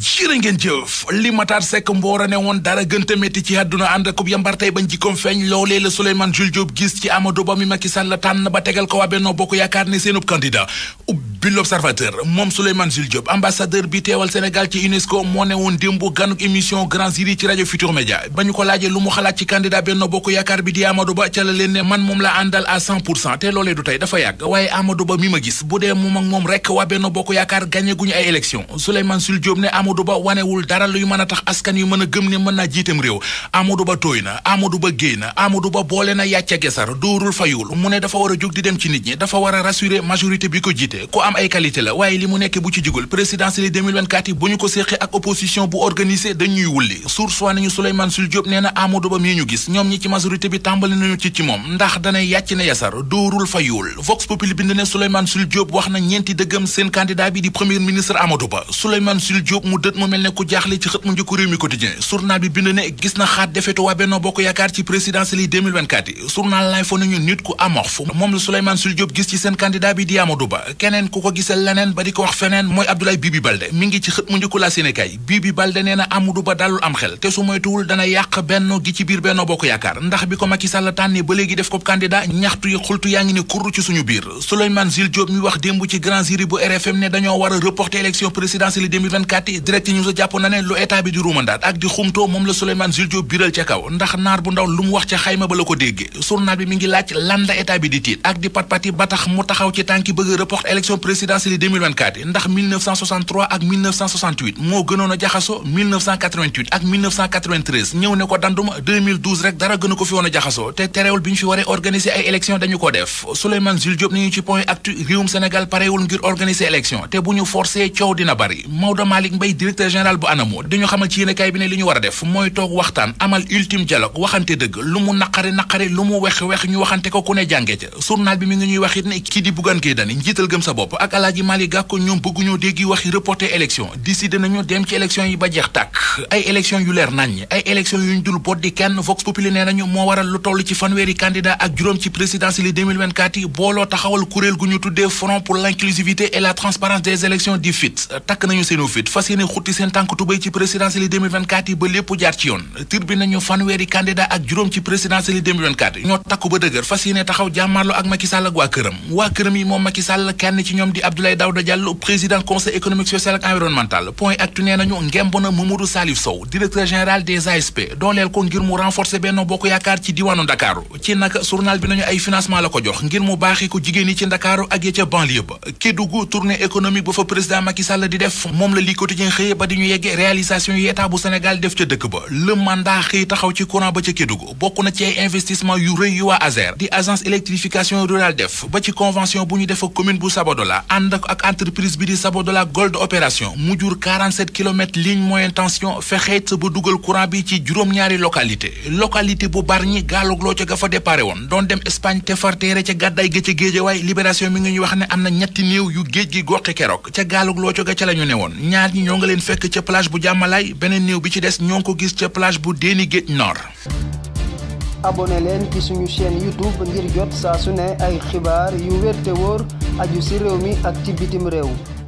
jërë ngeen jëf li Matar Seck Mboro ne woon dara gënta métti ci àdduna ànd akub yambar tey bañ jikkoom feeñ loolee la Souleymane Jules Diop gis ci Amadou Ba mi Macky Sall la Bokk Yaakaar ne seenub candidat bi l'observateur moom Souleymane Jules Diop ambassadeur bi teewal Sénégal ci UNESCO moo ne woon démb ganuk émission Grand Jury ci rajo Futur ba ñu ko laajee lu mu xalaat ci candidat Benno Bokk Yaakaar bi di Amadou Ba ca la leen ne man moom la àndal à 100 pour cent te loolee du tey dafa yàgg waaye Amadou Ba mi ma gis bu dee moom ak moom Yaakaar gagné guñu ay élection Souleymane Amadou Ba wanewul dara luy mën a tax askan yu mën a gëm ne mën naa jiitam réew Amadou Ba tooy na Amadou Ba géey na Amadou Ba boole na yàcca gesar dóorul fayul mu ne dafa war a jóg di dem ci nit ñi dafa war a rassurer majorité bi ko jiite ku am ay qualité la waaye li mu nekk bu ci jugul présidentielle 2024 yi bu ñu ko séqi ak opposition bu organisé dañuy wulli source nañu Souleymane Sul Diop nee Amadou Ba mii ñu gis ñoom ñi ci majorité bi tàmbali dët mu mel ne ku jaaxle ci xët mu njëkk réew mi quotidien journal bi bind ne gis na xaat defetu waa Benno Bokk Yaakaar ci présidentielle yi 2024 yi journal lay bi di Amadou Ba ba di ko wax feneen mooy Abdoulaye Bibi Ba dalul am xel te su moytuwul dana yàq benno gi ci biir Benno Bokk Yaakaar ndax bi ko Macky Sall tànnee ba léegi def ko candidat ñaxtu yi xultu yaa ngi ne kurru ci suñu biir Souleymane Jules Diop mi wax démb ci grand jury bu RFM ne dañoo war a reporter élection présidentielle 2024 direct news a jàpp na ne lu état bi di rumandaat ak di xumtoo moom la Souleymane Jules Diop ca kaw ndax naar bu ndaw lu mu wax ca xayma ba la ko déggee journal bi mi ngi laaj lan la état bi di tiit ak di patpati ba tax mu taxaw ci tànki bëgg report élection présidentielle 2024 ndax ak moo gënoon a ak ñëw ne ko danduma 2012 rek dara gënu ko fi woon jaxasoo te terewul bi ñu fi waree organiser ay élection dañu ko def Souleymane Jules ni ñu ci point actu réewum directeur général bu ANAMO di xamal ci yéenekaay bi ne li ñu war a def mooy toog waxtaan amal ultime dialogue waxante dëgg lu mu naqari naqari lu mu wex wex ñu waxante ko ku ne jàngee ca journal bi mi ngi ñuy wax it ne kii di Bougane Gueye Dany njiital gëm sa bopp ak Alaaji Malick Gakou ñoom bëgguñoo dégg waxi reporter élection décidé nañu dem ci élection yi ba jeex tàkk ay élection yu leer naññ ay élection yu ñu dul boddi kenn Vox Populi nee nañu moo ci fanweeri candidat ak juróom ci présidentielle yi 2024 yi booloo taxawal kuréel gu xutti seen tànk tubéy ci présidentielle yi ba lépp jaar ci yoon tir bi nañu fanweeri candidat ak juróom ci présidentielle yi takku ba dëgër fas yéene taxaw jàmmaarloo ak Macky ak waa këram waa këram yi moom Macky kenn ci ñoom di Abdoulaye Daouda Diallo président conseil économique social environnemental point actu nee nañu ngemb na Mamadou Salif Sow directeur général des ASP dooleel ko ngir mu renforcer Benno Bokk Yaakaar ci diwaanu Ndakaaru xëye ba di ñu yeggee réalisation yi état bu Sénégal def ca dëkk ba le mandat xëy taxaw ci courant ba ca Kédougou bokk na ci ay investissement yu rëy yu waa ASER di agence électrification rurale def ba ci convention bu ñu def ak commune bu Sabodola ànd ak entreprise bi di Sabodola Gold Opération mu jur 47 kilomètres ligne moyenne tension fexeet ba dugal courant bi ci juróom-ñaari localité localité bu Bargny gaalugloo ca ga fa déparé woon doon dem Espagne te farteere ca gàddaay ga ca Géejawaay libération wax ne am na ñetti néew yu géej gi goqi keroog ca gaalugloo ca ga ca la ñu ne woon leen fekk ca plage bu jàmmalaay beneen néew bi ci des ñoo ngi ko gis ca plage bu déeni géej nord leen ci suñu chaîne youtube ngir jot saa su ne ay xibaar yu wér te wóor aju ci réew mi ak ci bitim réew